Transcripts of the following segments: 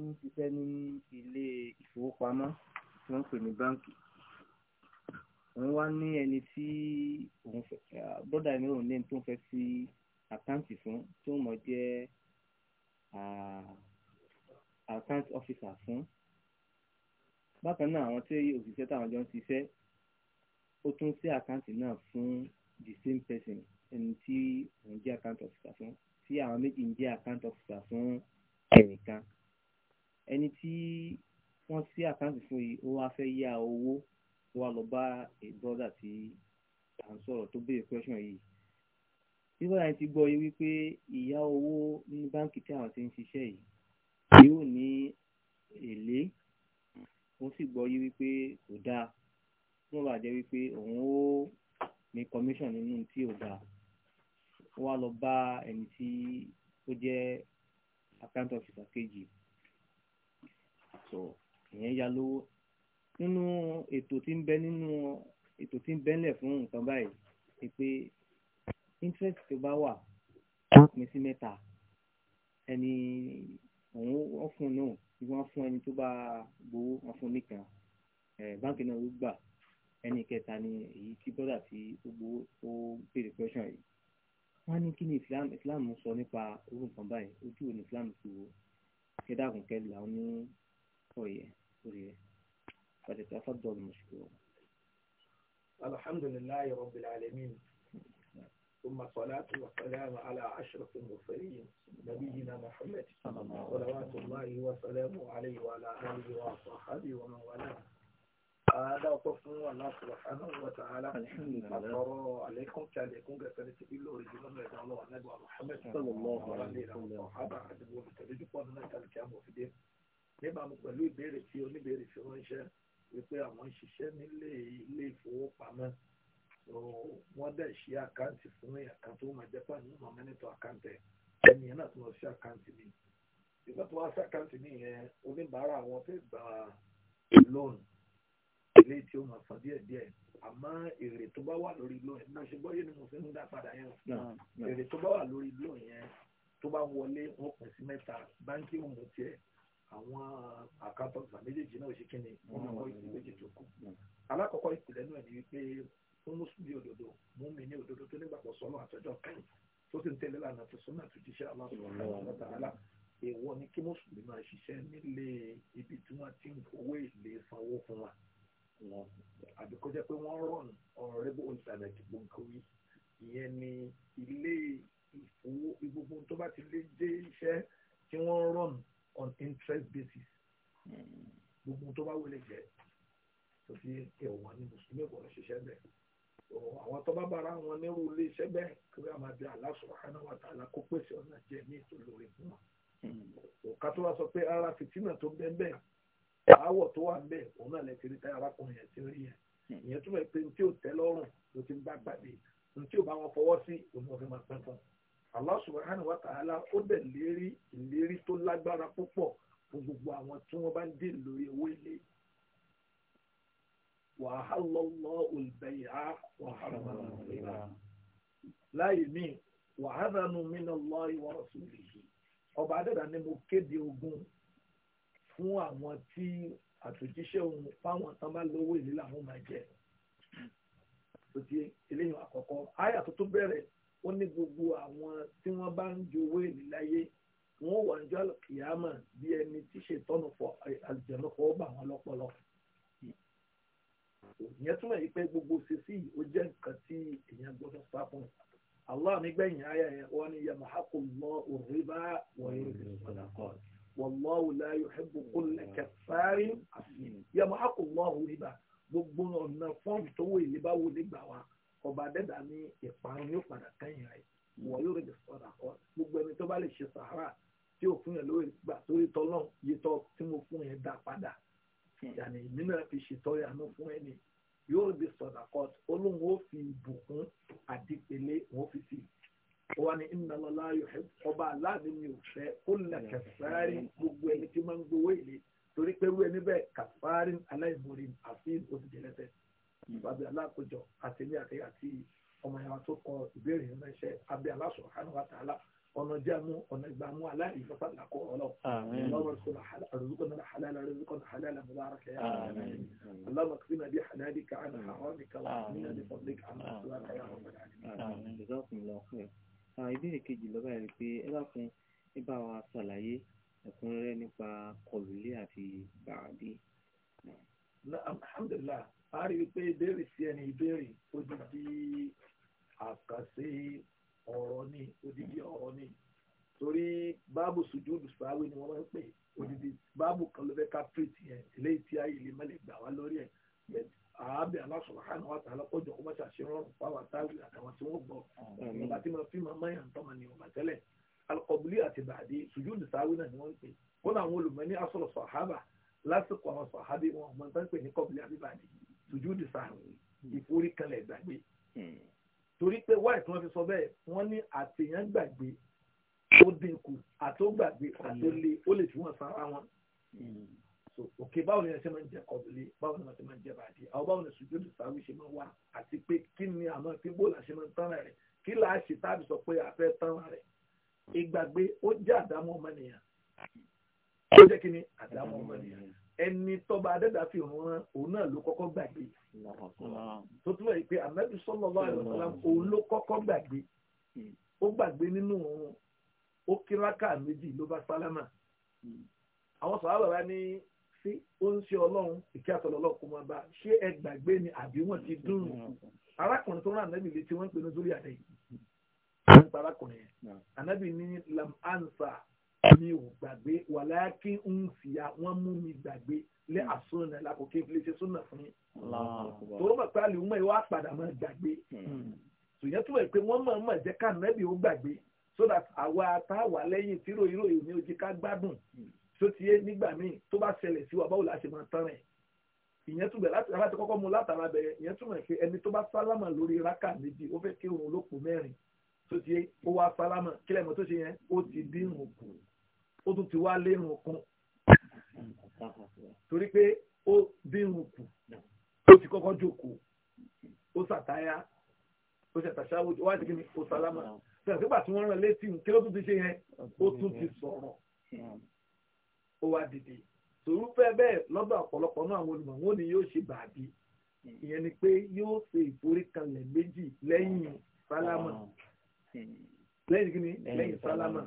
ń ṣiṣẹ́ ní ilé ìfowópamọ́ tí wọ́n ń pè ní báǹkì òun wá ní ẹni tí òun fẹ́ bọ́dà mi òun lẹ́ni tó ń fẹ́ sí àkáǹtì fún tí ó mọ̀ jẹ́ àkáǹtì ọ́fíìsà fún bákan náà àwọn tí òṣìṣẹ́ táwọn jọ ń ṣiṣẹ́ ó tún sí àkáǹtì náà fún the same person ẹni tí òun jẹ́ àkáǹtì ọ́fíìsà fún tí àwọn méjì ń jẹ́ àkáǹtì ọ́fíìsà fún ẹnìkan ẹni tí wọ́n sí àkáǹtì fún yìí ó wá fẹ́ yá owó ó wá lọ bá a brother tí à ń sọ̀rọ̀ tó béèrè question yìí tí brother yẹn ti gbọ́ yìí wípé ìyá owó ní báǹkì tí àwọn ti ń ṣiṣẹ́ yìí yóò ní èlé òun sì gbọ́ yìí wípé kò dáa tí wọ́n bá jẹ́ wípé òun ó ní commission nínú tí ò dáa ó wá lọ bá ẹni tí ó jẹ́ account officer kejì so ìyẹn ya lówó nínú ètò tí ń bẹ nínú ètò tí ń bẹ́lẹ̀ fún nǹkan báyìí ni pé interest tó bá wà pín sí mẹ́ta ẹni òun wọ́n fún un náà tí wọ́n fún ẹni tó bá gbowó wọ́n fún nìkan báńkì náà ló gbà ẹni kẹta ni èyí tí bọ́dà tí ó gbowó ó béèrè question yìí wọ́n ní kí ni Islam Islam sọ nípa irú nǹkan báyìí ojú wo ni Islam wo kẹ́dàkùnkẹ́ làwọn ní سوريا سوريا فلتفضل مشكورا الحمد لله رب العالمين ثم الصلاة والسلام على أشرف المرسلين نبينا محمد صلوات الله وسلامه عليه وعلى آله وصحبه ومن والاه هذا وقف الله سبحانه وتعالى الحمد لله عليكم يكون قتلت إلا رجل من الله النبي محمد صلى الله عليه وسلم وصحبه عدد ومتبجد ونتلك أبو في níbàámu pẹ̀lú ìbéèrè tí oníbéèrè fi ránṣẹ́ wípé àwọn ṣiṣẹ́ nílé ilé ìfowópamọ́ wọ́n dẹ̀ ṣe àkáǹtì fún èèyàn kan tó máa jẹ́ pàmì ìmọ̀ mẹ́nìtọ̀ àkáǹtì ẹni yẹn náà tó lọ sí àkáǹtì mi nígbà tó wá sí àkáǹtì mi yẹn oníbàárà wọn fẹ́ gba loan ilé tí ó máa san díẹ̀ díẹ̀ àmọ́ èrè tó bá wà lórí loan yẹn náà ṣe gbọ́ yé ni mo fi ń dá padà yẹn èrè tó bá wà lórí loan yẹn tó bá wọlé wọn pín sí mẹ́ta báńkì òun tiẹ̀ àwọn uh, àkàtọ̀gbà méjèèjì náà ṣe kíni wọn náà wọ́n ìsìn méjì tó kù alákọ̀ọ́kọ́ ìpìlẹ̀ náà ni wípé fún mùsùlùmí òdodo mú mi ní òdodo tó nígbàgbọ́ sọ́nà àtọ́jọ́ kẹ́yìn tó sì ń tẹ̀lé lànà tó sọ́nà tó jíṣẹ́ aláṣọ èèwọ̀ ni kí mùsùlùmí máa ṣiṣẹ́ nílé ibi tí wọ́n ti ń fowó èlé sanwó fún wa àbí kó jẹ́ pé wọ́n rọ̀n ọ̀rẹ́bù internet gbòǹkowí ìyẹn ni ilé ìfowó gbogbo tó bá ti lé dé iṣẹ́ tí wọ́n rọ̀n on interest basis hmm. gbogbo tó bá wọlé jẹ tó fi ẹ̀wọ̀n ní mùsùlùmí kò ṣiṣẹ́ bẹ́ẹ̀ àwọn tó bá bára wọn nírú ilé iṣẹ́ bẹ́ẹ̀ kí wọ́n máa bí Allah subhanahu wa ta'ala kó pèsè ọ̀nà jẹ ní ìtòlórí fún wọn. òkà hmm. tó wá sọ pé ara fìtínà tó bẹ́ẹ̀ bẹ́ẹ̀ àáwọ̀ tó wà bẹ́ẹ̀ òun náà lè ti rí táyà arákùnrin yẹn ti rí yẹn hmm. ìyẹn túmọ̀ pé ní tí ò tẹ́ lọ́rùn ló ti ń bá gbàdé ní ò bá wọn fọwọ́ sí òun ò fi máa pẹ́ fún un. Allah subhanahu wa ta'ala ó dẹ̀ lérí ìlérí tó lágbára púpọ̀ fún gbogbo àwọn tí wọ́n bá ń dè lórí owó ilé. wa ahallallahu al-bay'a wa harrama al-riba láyé mi wa adhanu minallahi wa rasulihi ọba adẹ́dà ni mo kéde ogun fún àwọn tí àtòjíṣẹ́ òun fáwọn tán bá lówó ìlú làwọn máa jẹ. eléyìí àkọ́kọ́ àyà tó tún bẹ̀rẹ̀ ó ní gbogbo àwọn tí wọ́n bá ń jowó èlé láyé wọn ò wà ń jọ àlùkìyàmà bí ẹni tí ṣètọ́nù fọ àlùjẹ̀nù fọ ó bà wọ́n lọ́pọlọ. ìyẹn túmọ̀ yìí pé gbogbo ṣèṣì ó jẹ́ nǹkan tí èèyàn gbọ́dọ̀ sá fún un. Allah mi gbẹ̀yìn ayà yẹn wọ́n ní yẹ màákù lọ òrìbá wọ̀nyí ìfọ̀dà kan wallahu la yuhibbu kulla kaffarin àfihàn yẹ màákù lọ òrìbá gbogbo ọ̀nà fọ́ọ̀mù tó wọ ọba dẹ́dà ní ìparun yóò padà kẹ́yìn rẹ̀ wọ́n yóò rẹ̀ sọ̀rọ̀ àkọ́ gbogbo ẹni tó bá lè ṣe sàárà tí ò fún yẹn lórí gbà torí tọ́lọ́n yìí tọ́ tí mo fún yẹn dá padà yàní èmi náà fi ṣètọ́rẹ́ àánú fún ẹni yóò rẹ̀ sọ̀rọ̀ àkọ́ olóhùn ó fi ìbùkún àdìpẹ̀lẹ̀ wọ́n fi sí wọ́n ní iná lọ́la ọba aláàbí mi ò fẹ́ ó lẹ̀ kẹsàárì gbogbo ẹni tí máa ń gbowó ìlé torí pé irú ẹni bẹ́ẹ̀ kàfárín aláìmọ̀rin abẹ́ alákòjọ àtẹlé àtẹyà tí ọmọ yàrá tó kọ ìbéèrè yìí ránṣẹ́ abẹ́ aláṣọ hánú àtàlà ọ̀nà jáàmù ọ̀nà ìgbàmù aláìfọ́fà làkọ́ ọlọ́wọ́ رزقنا حلالا رزقنا حلالا يا رب اللهم اكفنا بحلالك عن حرامك واغننا بفضلك عن رسولك يا رب العالمين جزاكم الله خير ìbéèrè kejì lọ́ba ẹ̀rí pé ẹ bá fún ẹ bá wa ṣàlàyé ẹ̀kúnrẹ́rẹ́ nípa kọlùlé àti bàbí. alhamdulilayi a rí i pé ìbéèrè sí ẹni ìbéèrè odidi àkàṣe ọ̀rọ̀ ni odidi ọ̀rọ̀ ni torí báàbù sùjúdù sàáwé ni wọ́n máa ń pè odidi báàbù kan ló fẹ́ ká pírìtì yẹn eléyìí tí ayé lè mẹ́lẹ̀ gbà wá lórí ẹ̀ àábẹ̀ aláṣọ̀rọ̀ hàn wá tààlà kọjọ kó má ṣàṣe rọrùn fáwọn àtàwé àtàwọn tí wọ́n gbọ́ tí wọ́n fi máa máyà ń tọ́mọ ní ọ̀gbà tẹ́lẹ̀ alkọ̀bùlì àti bàdé sùjúdù sàáwé náà ni wọ́n ń pè kó làwọn olùmọ̀ ní asọ̀rọ̀ sùjúdì sàrùn hmm. ìforíkalẹ̀ gbàgbé hmm. torí pé wáyé tí wọ́n fi sọ bẹ́ẹ̀ wọ́n ní àtẹ̀yàn gbàgbé ó dínkù àtọ́gbàgbé àtọ́lé hmm. ó lè fi wọ́n sára wọn. so òkè báwo ni ẹ ṣe máa ń jẹ kọ̀bìlì báwo ni wọ́n ṣe máa ń jẹ bàdí àwọn báwo ni sùjúdì sàrùn ṣe máa wà àti pé kí ni àmọ́ kí bóòlù àṣẹ máa ń tán rẹ̀ kí làá ṣe tábì sọ pé àfẹ́ tán rẹ̀ ìgbàgbé ó jẹ́ àdámọ́ ọmọnìyàn ó jẹ́ kí ni àdámọ́ ọmọnìyàn ẹni tọba adẹ́dà fi ràn òun náà ló kọ́kọ́ gbàgbé tó túmọ̀ yìí pé ànábì sallallahu alaihi wasallam òun ló kọ́kọ́ gbàgbé ó gbàgbé nínú òun ó kíráka méjì ló bá sálámà àwọn sọ̀rọ̀ bàbá ní sí ó ń ṣe ọlọ́run ìkẹ́ àtọ̀lọ́ ọlọ́run kò máa bá ṣé ẹ gbàgbé ni àbí wọ́n ti dùn arákùnrin tó rán ànábì létí wọ́n ń pè ní sórí àdé mi ò gbàgbé wàláàkì ń fìyà wọ́n mú mi gbàgbé lé àsúnà lákòókè ìfilẹ̀ṣẹ̀ súnà fún mi. tòró bàtà àlè ọmọ ìwà àpàdà máa gbàgbé. sòyẹ́ hmm. tó wẹ̀ pé wọ́n máa máa jẹ́ ká nẹ́bí ó gbàgbé so that àwa tá a wà lẹ́yìn tíró irú èyí ni ó jẹ́ ká gbádùn tó hmm. ti yé nígbà míì tó bá ṣẹlẹ̀ sí wa báwo la ṣe máa tán rẹ̀ ìyẹn túbẹ̀ láti láti kọ́kọ́ mu látara bẹ̀rẹ̀ ìyẹn túmọ̀ pé ẹni tó bá sálámà lórí rákà méjì ó fẹ́ kírun olókùn mẹ́rin tó ti yé ó wá sálámà kílẹ̀ mọ́ tó ṣe yẹn ó ti dín òkú ó tún ti wá lérun kún torí pé ó dínrùn kù ó ti kọ́kọ́ jókòó ó ṣàtáyà ó ṣàtàṣáwò ó wá sí kí ni ó sálámà ṣàtìgbà tí wọ́n rán létí kí ló tún ti ṣe yẹn ó tún ti sọ̀rọ̀ ó wá dìde sòrúfẹ́ bẹ́ẹ̀ lọ́dọ̀ ọ̀pọ̀lọpọ̀ náà àwọn olùmọ̀ wọn ni yóò ṣe bàbí ìyẹn ni pé yóò ṣe ìforíkanlẹ̀ méjì lẹ́yìn sálámà lẹ́yìn kí lẹ́yìn sálámà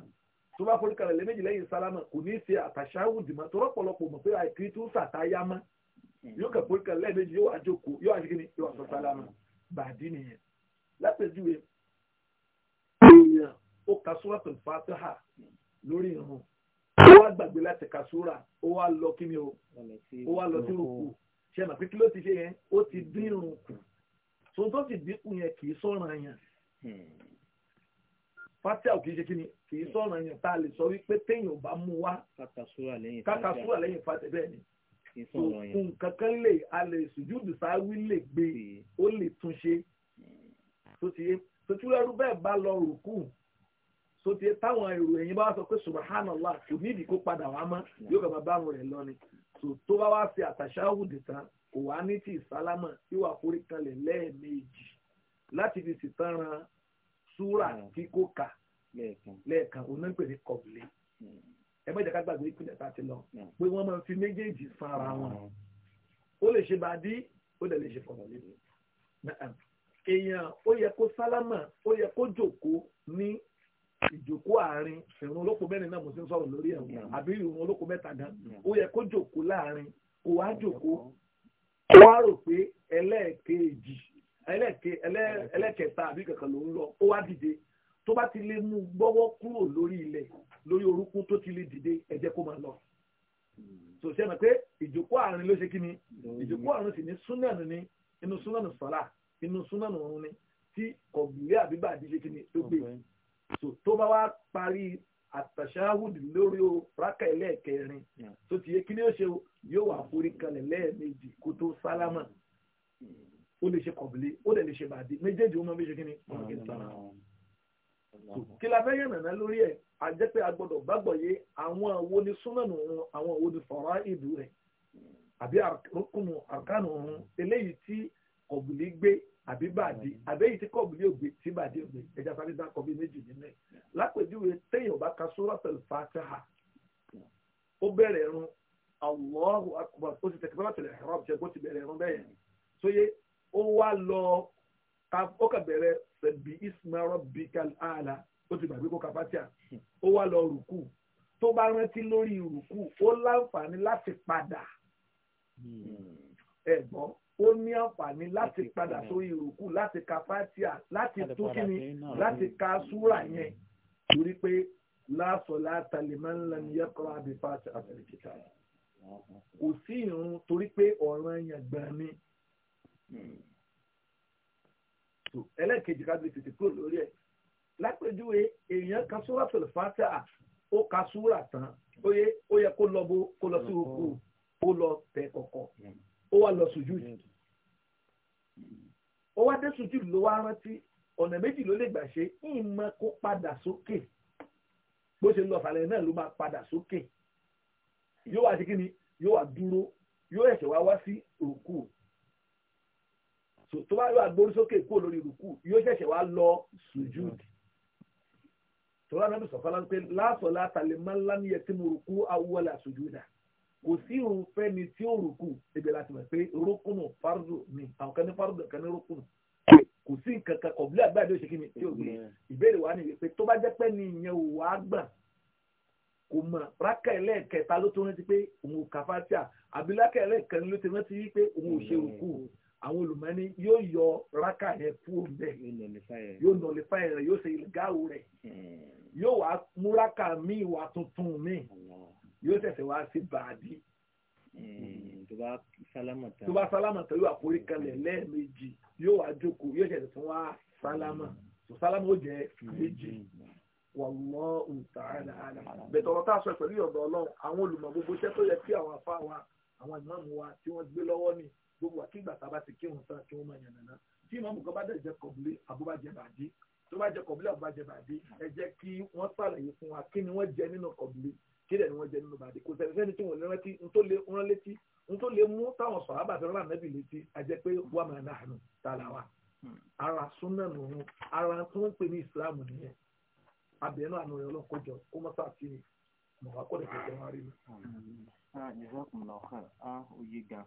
tó bá forí kalẹ̀ lẹ́mẹ̀jì lẹ́yìn sálámà kò ní í ṣe àtàṣáwù dìmọ̀ tó rọ́pọ̀lọpọ̀ mọ̀ pé àìkiri tó sàtáyá mọ́ yóò kẹ́ forí kalẹ̀ lẹ́mẹ̀jì yóò wá jókòó yóò wá sí kíni yóò wá sọ sálámà bàdí nìyẹn lápẹ̀júwe èèyàn ó ka súrà tó fàtàhà lórí ìrun ó wá gbàgbé láti ka súrà ó wá lọ kíni o ó wá lọ sí òkú ṣe mà pé kí ló ti ṣe yẹn ó ti dín ìrun kù tó tó ti dínkù yẹn kì í sọ̀ràn fatia ò kì í ṣe kíni kì í sọ̀rọ̀ yẹn tá a lè sọ wípé téèyàn ò bá mú wá kàkàsúrà lẹ́yìn fatia bẹ́ẹ̀ ni òkun kankan lè a lè sùjúdù sáwí lè gbé ó lè túnṣe tó ti yé sotúlẹ́rú bẹ́ẹ̀ bá lọ rùkú tó ti yé táwọn èrò ẹ̀yìn bá wá sọ pé subahánàlá kò nídìí kó padà wá mọ́ yóò kàn bá bá àwọn rẹ̀ lọ ni tó bá wá ṣe àtàṣáhùdì tán kò wá ní ti ìsálámà yóò wá forí kanlẹ̀ lẹ́ẹ̀mejì láti fi sì tán ran Sura hmm. tí ka kà lẹ́ẹ̀kan òun náà ń pè ní kọ̀bùlé hmm. ẹ má jẹ́ ká gbàgbé ìpínlẹ̀ tá a ti lọ hmm. pé wọ́n máa ń fi méjèèjì san ara wọn ó lè ṣe bàdí ó lè lè ṣe fọ̀rọ̀ lédè èèyàn ó yẹ kó sálámà ó yẹ kó jókòó ní ìjókòó àárín ìrun olóko mẹ́rin náà mo ti ń sọ̀rọ̀ lórí ẹ̀ àbí ìrun olóko mẹ́ta gan ó yẹ kó jókòó láàrin kó wá jókòó wá rò pé ẹlẹ́ẹ̀kejì ẹlẹ́kẹta àbí kankan ló ń lọ ó wá dìde tó bá ti lè mú gbọ́wọ́ kúrò lórí ilẹ̀ lórí orúkún tó ti lè dìde ẹ jẹ́ kó máa lọ. Hmm. sọ ṣe mọ̀ pé ìjòkó àárín ló ṣe kí ni hmm. ìjòkó àárín sì ní súnẹ̀nù ni inú súnẹ̀nù sọ̀lá inú súnẹ̀nù ọ̀run ni tí kọ̀gbìlẹ̀ àbíbà àti ṣe kí ni tó gbé. sọ tó bá wá parí àtàṣáhùdì lórí o rákà ẹlẹ́ẹ̀kẹrin tó ti yẹ kí ni ó ṣe yóò wà forí kalẹ̀ lẹ́ẹ̀mejì kó tó sálámà ó lè ṣe kọ̀bìlì ó lè ṣe bàdí méjèèjì ó máa ń ṣe kíni ọ̀rọ̀ kìí sára. kí la fẹ́ yẹn nàná lórí ẹ̀ a pé a gbọ́dọ̀ gbàgbọ́ yé àwọn àwo ni súnmọ́nù òun àwọn àwo ni fọ̀rọ̀ ìlú rẹ̀ àbí àrùkùnù àrùkànù òun eléyìí tí kọ̀bìlì gbé àbí bàdí àbẹ́yìí tí kọ̀bìlì ògbé tí bàdí ògbé ẹja sáré dá kọ̀bí méjì nílẹ̀ lápèjúwe téèyàn bá ka sóràtẹ̀lì fàtẹ́hà ó bẹ̀rẹ̀ ẹ̀rùn Allahu akbar ó ti tẹ̀kẹ́ bá tẹ̀lẹ̀ ẹ̀rọ ṣẹ́gun ó ti bẹ̀rẹ̀ ẹ̀rùn bẹ́ẹ̀ sóyè ó wá lọ ó kà bẹ̀rẹ̀ sẹ̀bi ismail bikal ala ó ti gbàgbé kó kapatia ó wá lọ rùkù tó bá rántí lórí rùkù ó láǹfààní láti padà hmm. ẹ̀gbọ́n ó ní àǹfààní láti padà sórí rùkù láti kapatia láti tó kíni láti ka súrà yẹn torí pé láàsọ̀ látàlímọ́ ni yẹ́kọ́ àbí fáṣẹ̀ àtàlẹ́kìtà kò sí ìrun torí pé ọ̀ràn yẹn gbà ni. Hmm. ẹlẹ́ẹ̀kejì ká gbé tètè kúrò lórí ẹ̀ lápèjúwe èèyàn kan súrà tòlù fàtà ó ka súrà tán ó yẹ ó yẹ kó lọ bó kó lọ sí oko ó lọ tẹ kọ̀kọ̀ ó wá lọ sùjú ó wá dé sùjú ló wá rántí ọ̀nà méjì ló lè gbà ṣe ìmọ̀ kó padà sókè bó ṣe lọ fàlẹ́ náà ló máa padà sókè yóò wá ṣe kí ni yóò wá dúró yóò ẹ̀ṣẹ̀ wá wá sí òkú tó bá yọ agbórí sókè kúrò lórí rùkú yóò ṣẹ̀ṣẹ̀ wá lọ sùjúd tọ́lá náà bí sọ̀fọ́lá pé láàsọ̀ látàlẹ́ máa ń lámìyẹ tí mo rùkú awọ́lá sùjúdà kò sí irun fẹ́ni tí ó rùkú ebi láti mọ̀ pé rúkúnù fárúdù ni àwọn kan ní fárúdù kan ní rúkúnù kò sí nǹkan kan kọ̀bílẹ̀ àgbáyé ló ṣe kí ni tí ò gbé ìbéèrè wa ni pé tó bá jẹ́ pẹ́ ni ìyẹn ò wá gbà kò mọ̀ rákà ẹlẹ́ẹ̀kẹta ló tó rántí pé òun ò kà fásíà àbí rákà ló ti rántí wípé òun ò ṣe rùkú àwọn olùmọ́ni yóò yọ rákà yẹn kúrò bẹ́ẹ̀ yóò nọlifá yẹn yóò ṣe ìgáwó rẹ̀ hmm. yóò wá mú rákà míì wá tuntun míì yóò tẹ̀sẹ̀ wá sí bàbí. Hmm. tó bá sálámà tán tó bá sálámà tán yóò àforí kalẹ̀ lẹ́ẹ̀mejì yóò wá jókòó yóò tẹ̀sẹ̀ tún wá sálámà tó hmm. sálámà ó jẹ́ méjì wallahu ta'ala bẹ̀tọ̀ ọ̀rọ̀ tá a sọ pẹ̀lú ọ̀dọ̀ ọlọ́run àwọn olùmọ̀ gbogbo iṣẹ́ tó yẹ kí àwọn afá wa àwọn ìmáàmù gbogbo àkígbà tá a bá ti kírun tán kí wọ́n máa yànnà náà tí ìmọ̀mù kan bá dẹ̀ jẹ́ kọ̀bùlé àbúbàjẹ́ bàdí tó bá jẹ́ kọ̀bùlé àbúbàjẹ́ bàdí ẹ jẹ́ kí wọ́n ṣàlàyé fún wa kí ni wọ́n jẹ nínú kọ̀bùlé kí dẹ̀ ni wọ́n jẹ nínú bàdí kò sẹ́ni sẹ́ni tí wọ́n rántí n tó lé rán létí n tó lé mú táwọn sọ̀rọ̀ àbàtà rán ànábì létí a jẹ́ pé wà máa nà àánú tààlà wa ara súnà nùnú ara tó ń pè ní ìsìlámù nìyẹn abẹ́nú àná rẹ̀ ọlọ́kọjọ kó mọ́sá àti mọ̀wá kọ́